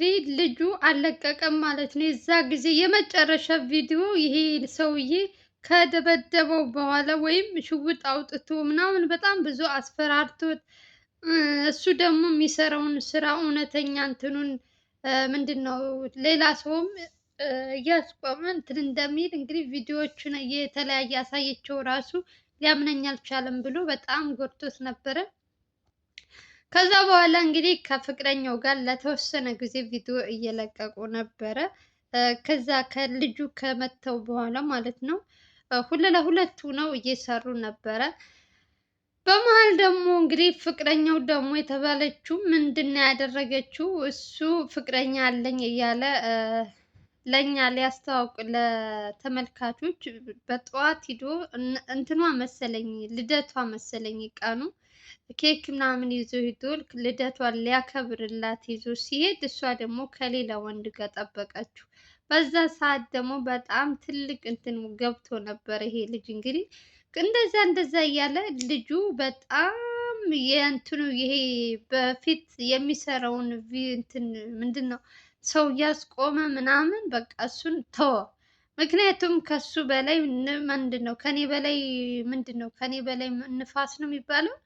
እንግዲህ ልጁ አልለቀቀም ማለት ነው። የዛ ጊዜ የመጨረሻ ቪዲዮ ይሄ ሰውዬ ከደበደበው በኋላ ወይም ሽውጥ አውጥቶ ምናምን በጣም ብዙ አስፈራርቶት እሱ ደግሞ የሚሰራውን ስራ እውነተኛ እንትኑን ምንድን ነው ሌላ ሰውም እያስቆመ እንትን እንደሚል እንግዲህ ቪዲዮዎቹን የተለያየ አሳየቸው ራሱ ሊያምነኝ አልቻለም ብሎ በጣም ጎድቶት ነበረ። ከዛ በኋላ እንግዲህ ከፍቅረኛው ጋር ለተወሰነ ጊዜ ቪዲዮ እየለቀቁ ነበረ። ከዛ ከልጁ ከመተው በኋላ ማለት ነው ሁለ ለሁለቱ ነው እየሰሩ ነበረ። በመሀል ደግሞ እንግዲህ ፍቅረኛው ደግሞ የተባለችው ምንድን ነው ያደረገችው? እሱ ፍቅረኛ አለኝ እያለ ለእኛ ሊያስተዋውቅ ለተመልካቾች በጠዋት ሂዶ እንትኗ መሰለኝ ልደቷ መሰለኝ ቀኑ ኬክ ምናምን ይዞ ሂዶ ልደቷን ሊያከብርላት ይዞ ሲሄድ እሷ ደግሞ ከሌላ ወንድ ጋር ጠበቀችው። በዛ ሰዓት ደግሞ በጣም ትልቅ እንትን ገብቶ ነበር። ይሄ ልጅ እንግዲህ እንደዛ እንደዛ እያለ ልጁ በጣም የእንትኑ ይሄ በፊት የሚሰራውን እንትን ምንድን ነው ሰው እያስቆመ ምናምን በቃ እሱን ተወ። ምክንያቱም ከሱ በላይ ምንድን ነው ከኔ በላይ ምንድን ነው ከኔ በላይ ንፋስ ነው የሚባለው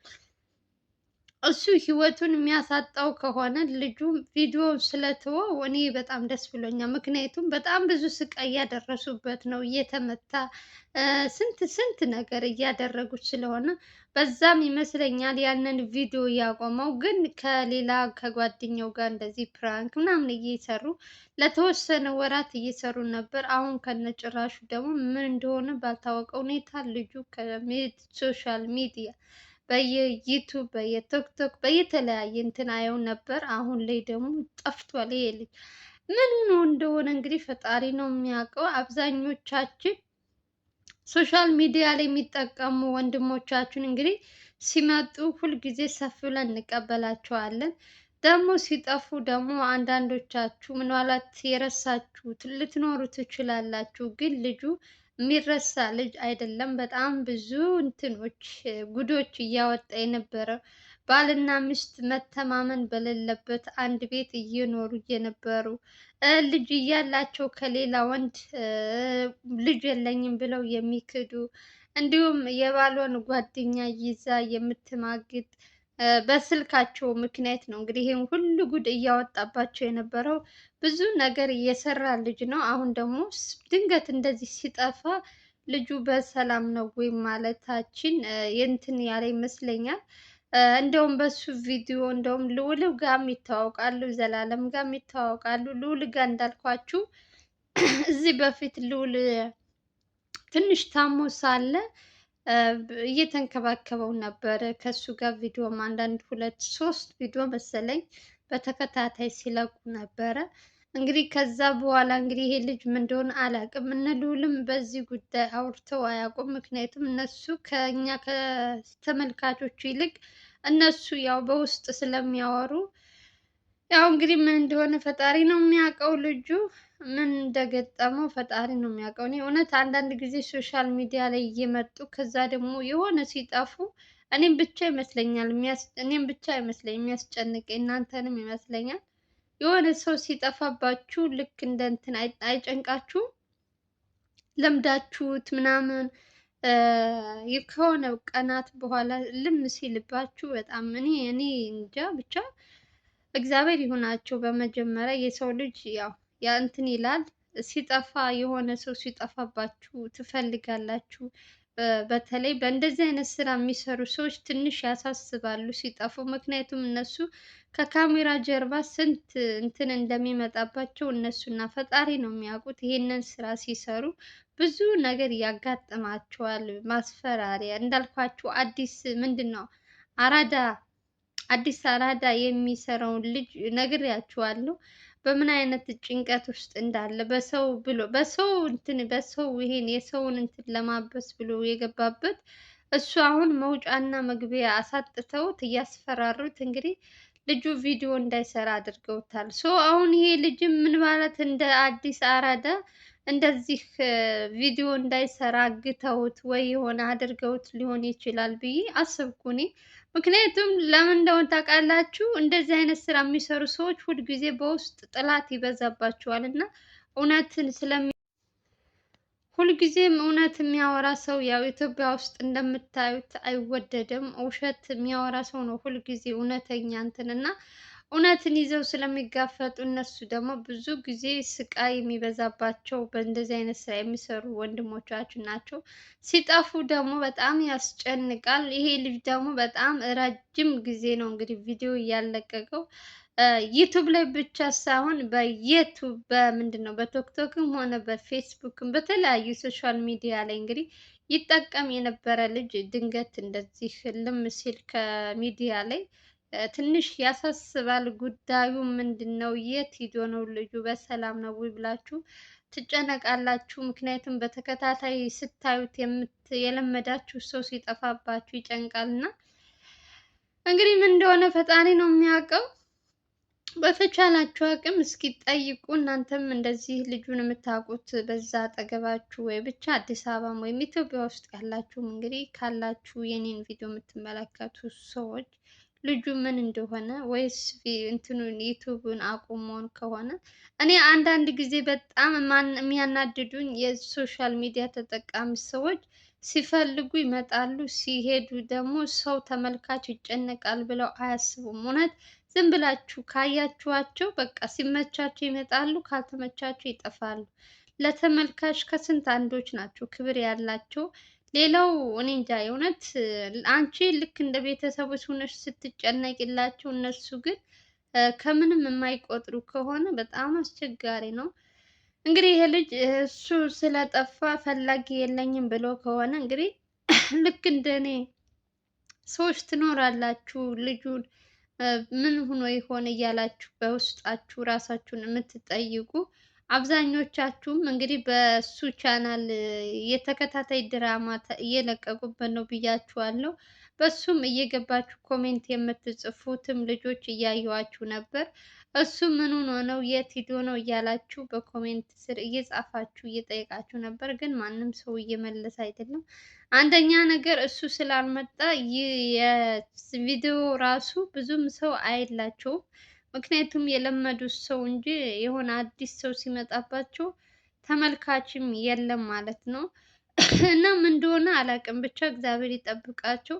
እሱ ህይወቱን የሚያሳጣው ከሆነ ልጁ ቪዲዮ ስለተወው እኔ በጣም ደስ ብሎኛል። ምክንያቱም በጣም ብዙ ስቃይ እያደረሱበት ነው፣ እየተመታ ስንት ስንት ነገር እያደረጉት ስለሆነ በዛም ይመስለኛል ያንን ቪዲዮ ያቆመው። ግን ከሌላ ከጓደኛው ጋር እንደዚህ ፕራንክ ምናምን እየሰሩ ለተወሰነ ወራት እየሰሩ ነበር። አሁን ከነጭራሹ ደግሞ ምን እንደሆነ ባልታወቀ ሁኔታ ልጁ ከሶሻል ሚዲያ በየዩቱብ በየቲክቶክ በየተለያየ እንትን አየው ነበር። አሁን ላይ ደግሞ ጠፍቷል ይሄ ልጅ ምን ነው እንደሆነ እንግዲህ ፈጣሪ ነው የሚያውቀው። አብዛኞቻችን ሶሻል ሚዲያ ላይ የሚጠቀሙ ወንድሞቻችን እንግዲህ ሲመጡ ሁልጊዜ ሰፍ ብለን እንቀበላቸዋለን። ደግሞ ሲጠፉ ደግሞ አንዳንዶቻችሁ ምናልባት የረሳችሁት ልትኖሩ ትችላላችሁ። ግን ልጁ የሚረሳ ልጅ አይደለም። በጣም ብዙ እንትኖች ጉዶች እያወጣ የነበረው ባልና ሚስት መተማመን በሌለበት አንድ ቤት እየኖሩ እየነበሩ ልጅ እያላቸው ከሌላ ወንድ ልጅ የለኝም ብለው የሚክዱ እንዲሁም የባሏን ጓደኛ ይዛ የምትማግጥ በስልካቸው ምክንያት ነው እንግዲህ ይህን ሁሉ ጉድ እያወጣባቸው የነበረው። ብዙ ነገር እየሰራ ልጅ ነው። አሁን ደግሞ ድንገት እንደዚህ ሲጠፋ ልጁ በሰላም ነው ወይም ማለታችን የእንትን ያለ ይመስለኛል። እንደውም በሱ ቪዲዮ እንደውም ልዑል ጋም ይተዋወቃሉ፣ ዘላለም ጋም ይተዋወቃሉ። ልውል ጋ እንዳልኳችሁ እዚህ በፊት ልውል ትንሽ ታሞ ሳለ እየተንከባከበው ነበረ። ከሱ ጋር ቪዲዮም አንዳንድ ሁለት ሶስት ቪዲዮ መሰለኝ በተከታታይ ሲለቁ ነበረ። እንግዲህ ከዛ በኋላ እንግዲህ ይሄ ልጅ ምን እንደሆነ አላውቅም። እነ ልዑልም በዚህ ጉዳይ አውርተው አያውቁም። ምክንያቱም እነሱ ከኛ ከተመልካቾቹ ይልቅ እነሱ ያው በውስጥ ስለሚያወሩ ያው እንግዲህ ምን እንደሆነ ፈጣሪ ነው የሚያውቀው። ልጁ ምን እንደገጠመው ፈጣሪ ነው የሚያውቀው። እኔ እውነት አንዳንድ ጊዜ ሶሻል ሚዲያ ላይ እየመጡ ከዛ ደግሞ የሆነ ሲጠፉ እኔም ብቻ ይመስለኛል እኔም ብቻ አይመስለኝ የሚያስጨንቀኝ እናንተንም ይመስለኛል። የሆነ ሰው ሲጠፋባችሁ ልክ እንደ እንትን አይጨንቃችሁም? ለምዳችሁት ምናምን ከሆነ ቀናት በኋላ ልም ሲልባችሁ በጣም እኔ እኔ እንጃ ብቻ እግዚአብሔር ይሁናቸው። በመጀመሪያ የሰው ልጅ ያው እንትን ይላል ሲጠፋ የሆነ ሰው ሲጠፋባችሁ ትፈልጋላችሁ። በተለይ በእንደዚህ አይነት ስራ የሚሰሩ ሰዎች ትንሽ ያሳስባሉ ሲጠፉ። ምክንያቱም እነሱ ከካሜራ ጀርባ ስንት እንትን እንደሚመጣባቸው እነሱና ፈጣሪ ነው የሚያውቁት። ይሄንን ስራ ሲሰሩ ብዙ ነገር ያጋጥማቸዋል። ማስፈራሪያ እንዳልኳቸው አዲስ ምንድን ነው አራዳ አዲስ አራዳ የሚሰራውን ልጅ ነግሬያችኋለሁ። በምን አይነት ጭንቀት ውስጥ እንዳለ በሰው ብሎ በሰው እንትን በሰው ይሄን የሰውን እንትን ለማበስ ብሎ የገባበት እሱ አሁን መውጫና መግቢያ አሳጥተውት እያስፈራሩት እንግዲህ ልጁ ቪዲዮ እንዳይሰራ አድርገውታል። ሶ አሁን ይሄ ልጅም ምን ማለት እንደ አዲስ አራዳ እንደዚህ ቪዲዮ እንዳይሰራ ግተውት ወይ የሆነ አድርገውት ሊሆን ይችላል ብዬ አስብኩ እኔ። ምክንያቱም ለምን እንደሆነ ታውቃላችሁ፣ እንደዚህ አይነት ስራ የሚሰሩ ሰዎች ሁልጊዜ በውስጥ ጥላት ይበዛባቸዋል እና እውነትን ስለሚ ሁልጊዜም እውነት የሚያወራ ሰው ያው ኢትዮጵያ ውስጥ እንደምታዩት አይወደድም። ውሸት የሚያወራ ሰው ነው ሁልጊዜ እውነተኛ እንትን እና እውነትን ይዘው ስለሚጋፈጡ እነሱ ደግሞ ብዙ ጊዜ ስቃይ የሚበዛባቸው በእንደዚህ አይነት ስራ የሚሰሩ ወንድሞቻችን ናቸው። ሲጠፉ ደግሞ በጣም ያስጨንቃል። ይሄ ልጅ ደግሞ በጣም ረጅም ጊዜ ነው እንግዲህ ቪዲዮ እያለቀቀው ዩቱብ ላይ ብቻ ሳይሆን በየቱብ በምንድን ነው በቶክቶክም ሆነ በፌስቡክም በተለያዩ ሶሻል ሚዲያ ላይ እንግዲህ ይጠቀም የነበረ ልጅ ድንገት እንደዚህ ልም ሲል ከሚዲያ ላይ ትንሽ ያሳስባል ጉዳዩ ምንድን ነው? የት ሂዶ ነው ልጁ? በሰላም ነው ወይ ብላችሁ ትጨነቃላችሁ። ምክንያቱም በተከታታይ ስታዩት የለመዳችሁ ሰው ሲጠፋባችሁ ይጨንቃል እና እንግዲህ ምን እንደሆነ ፈጣሪ ነው የሚያውቀው። በተቻላችሁ አቅም እስኪ ጠይቁ። እናንተም እንደዚህ ልጁን የምታውቁት በዛ አጠገባችሁ ወይ ብቻ አዲስ አበባም ወይም ኢትዮጵያ ውስጥ ያላችሁም እንግዲህ ካላችሁ የኔን ቪዲዮ የምትመለከቱ ሰዎች ልጁ ምን እንደሆነ ወይስ እንትኑን ዩቱብን አቁሞን ከሆነ እኔ አንዳንድ ጊዜ በጣም የሚያናድዱኝ የሶሻል ሚዲያ ተጠቃሚ ሰዎች ሲፈልጉ ይመጣሉ፣ ሲሄዱ ደግሞ ሰው ተመልካች ይጨነቃል ብለው አያስቡም። እውነት ዝም ብላችሁ ካያችኋቸው በቃ ሲመቻቸው ይመጣሉ፣ ካልተመቻቸው ይጠፋሉ። ለተመልካች ከስንት አንዶች ናቸው ክብር ያላቸው ሌላው እኔ እንጃ የእውነት አንቺ ልክ እንደ ቤተሰቦች ሆነሽ ስትጨነቂላቸው፣ እነሱ ግን ከምንም የማይቆጥሩ ከሆነ በጣም አስቸጋሪ ነው። እንግዲህ ይሄ ልጅ እሱ ስለጠፋ ፈላጊ የለኝም ብሎ ከሆነ እንግዲህ ልክ እንደ እኔ ሰዎች ትኖራላችሁ። ልጁን ምን ሆኖ ይሆን እያላችሁ በውስጣችሁ ራሳችሁን የምትጠይቁ አብዛኞቻችሁም እንግዲህ በሱ ቻናል የተከታታይ ድራማ እየለቀቁበት ነው ብያችኋለሁ። በሱም እየገባችሁ ኮሜንት የምትጽፉትም ልጆች እያየዋችሁ ነበር። እሱ ምን ሆኖ ነው የት ሂዶ ነው እያላችሁ በኮሜንት ስር እየጻፋችሁ እየጠየቃችሁ ነበር፣ ግን ማንም ሰው እየመለሰ አይደለም። አንደኛ ነገር እሱ ስላልመጣ ቪዲዮ ራሱ ብዙም ሰው አይላቸውም። ምክንያቱም የለመዱት ሰው እንጂ የሆነ አዲስ ሰው ሲመጣባቸው ተመልካችም የለም ማለት ነው። እና ምን እንደሆነ አላውቅም፣ ብቻ እግዚአብሔር ይጠብቃቸው።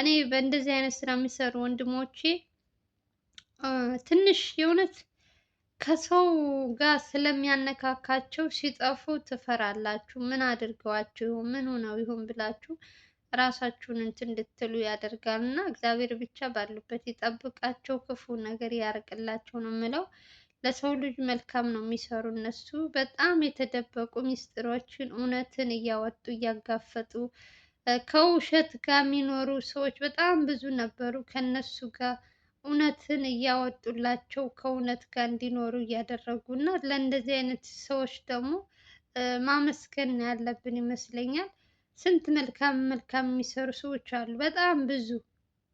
እኔ በእንደዚህ አይነት ስራ የሚሰሩ ወንድሞቼ ትንሽ የእውነት ከሰው ጋር ስለሚያነካካቸው ሲጠፉ ትፈራላችሁ። ምን አድርገዋቸው ይሆን ምን ሆነው ይሆን ብላችሁ ራሳችሁን እንትን እንድትሉ ያደርጋል እና እግዚአብሔር ብቻ ባሉበት ይጠብቃቸው፣ ክፉ ነገር ያርቅላቸው ነው የምለው። ለሰው ልጅ መልካም ነው የሚሰሩ እነሱ። በጣም የተደበቁ ሚስጥሮችን እውነትን እያወጡ እያጋፈጡ ከውሸት ጋር የሚኖሩ ሰዎች በጣም ብዙ ነበሩ። ከነሱ ጋር እውነትን እያወጡላቸው ከእውነት ጋር እንዲኖሩ እያደረጉ እና ለእንደዚህ አይነት ሰዎች ደግሞ ማመስገን ያለብን ይመስለኛል። ስንት መልካም መልካም የሚሰሩ ሰዎች አሉ። በጣም ብዙ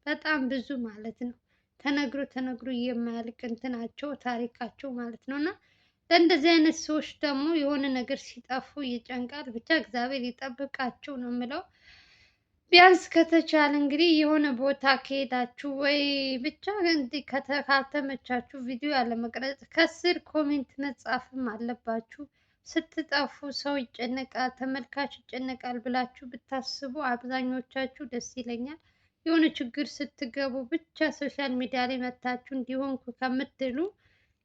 በጣም ብዙ ማለት ነው። ተነግሮ ተነግሮ የማያልቅ እንትናቸው ታሪካቸው ማለት ነው። እና ለእንደዚህ አይነት ሰዎች ደግሞ የሆነ ነገር ሲጠፉ ይጨንቃል። ብቻ እግዚአብሔር ይጠብቃቸው ነው የምለው። ቢያንስ ከተቻለ እንግዲህ የሆነ ቦታ ከሄዳችሁ ወይ ብቻ እንዲህ ከተካተመቻችሁ ቪዲዮ ያለመቅረጽ ከስር ኮሜንት መጻፍም አለባችሁ። ስትጠፉ ሰው ይጨነቃል፣ ተመልካች ይጨነቃል ብላችሁ ብታስቡ አብዛኞቻችሁ ደስ ይለኛል። የሆነ ችግር ስትገቡ ብቻ ሶሻል ሚዲያ ላይ መታችሁ እንዲሆንኩ ከምትሉ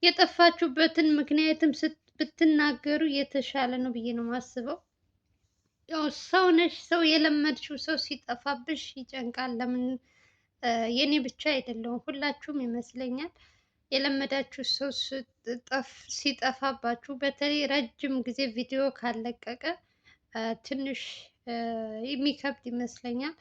የጠፋችሁበትን ምክንያትም ብትናገሩ የተሻለ ነው ብዬ ነው የማስበው። ያው ሰው ነሽ፣ ሰው የለመድሽው ሰው ሲጠፋብሽ ይጨንቃል። ለምን የእኔ ብቻ አይደለሁም፣ ሁላችሁም ይመስለኛል። የለመዳችሁ ሰው ሲጠፋባችሁ በተለይ ረጅም ጊዜ ቪዲዮ ካለቀቀ ትንሽ የሚከብድ ይመስለኛል።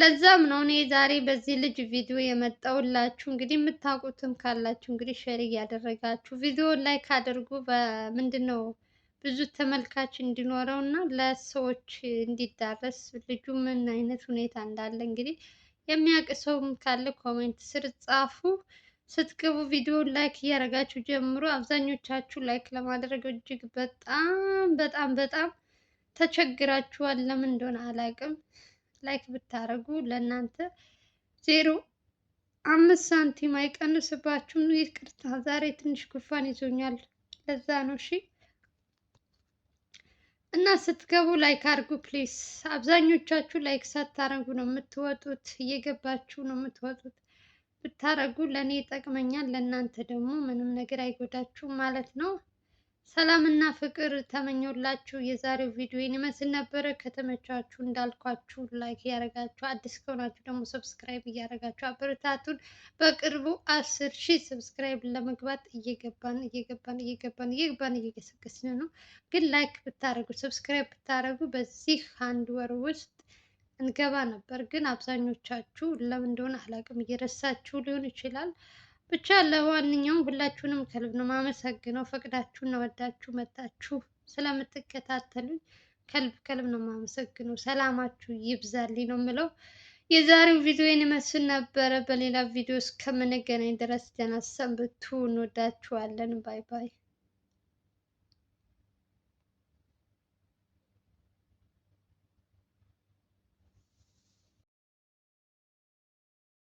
ለዛም ነው እኔ ዛሬ በዚህ ልጅ ቪዲዮ የመጣውላችሁ እንግዲህ የምታውቁትም ካላችሁ እንግዲህ ሼር እያደረጋችሁ ቪዲዮ ላይ ካደርጉ ምንድን ነው ብዙ ተመልካች እንዲኖረው እና ለሰዎች እንዲዳረስ ልጁ ምን አይነት ሁኔታ እንዳለ እንግዲህ የሚያውቅ ሰውም ካለ ኮሜንት ስር ጻፉ። ስትገቡ ቪዲዮ ላይክ እያደረጋችሁ ጀምሮ አብዛኞቻችሁ ላይክ ለማድረግ እጅግ በጣም በጣም በጣም ተቸግራችኋል። ለምን እንደሆነ አላውቅም። ላይክ ብታደርጉ ለእናንተ ዜሮ አምስት ሳንቲም አይቀንስባችሁም። ይቅርታ ዛሬ ትንሽ ጉንፋን ይዞኛል፣ ለዛ ነው እሺ። እና ስትገቡ ላይክ አድርጉ ፕሊስ። አብዛኞቻችሁ ላይክ ሳታደርጉ ነው የምትወጡት፣ እየገባችሁ ነው የምትወጡት። ብታረጉ ለእኔ ይጠቅመኛል፣ ለእናንተ ደግሞ ምንም ነገር አይጎዳችሁም ማለት ነው። ሰላም እና ፍቅር ተመኞላችሁ። የዛሬው ቪዲዮ ይመስል ነበረ። ከተመቻችሁ እንዳልኳችሁ ላይክ እያደረጋችሁ አዲስ ከሆናችሁ ደግሞ ሰብስክራይብ እያደረጋችሁ አበረታቱን። በቅርቡ አስር ሺህ ሰብስክራይብ ለመግባት እየገባን እየገባን እየገባን እየገባን እየገሰገስን ነው። ግን ላይክ ብታደረጉ ሰብስክራይብ ብታደረጉ በዚህ አንድ ወር ውስጥ እንገባ ነበር፣ ግን አብዛኞቻችሁ ለምን እንደሆነ አላውቅም እየረሳችሁ ሊሆን ይችላል። ብቻ ለማንኛውም ሁላችሁንም ከልብ ነው ማመሰግነው። ፈቅዳችሁ እና ወዳችሁ መጣችሁ ስለምትከታተሉኝ ከልብ ከልብ ነው ማመሰግነው። ሰላማችሁ ይብዛልኝ ነው የምለው። የዛሬው ቪዲዮ ይመስል ነበረ። በሌላ ቪዲዮ እስከምንገናኝ ድረስ ደህና ሰንብቱ። እንወዳችኋለን። ባይ ባይ።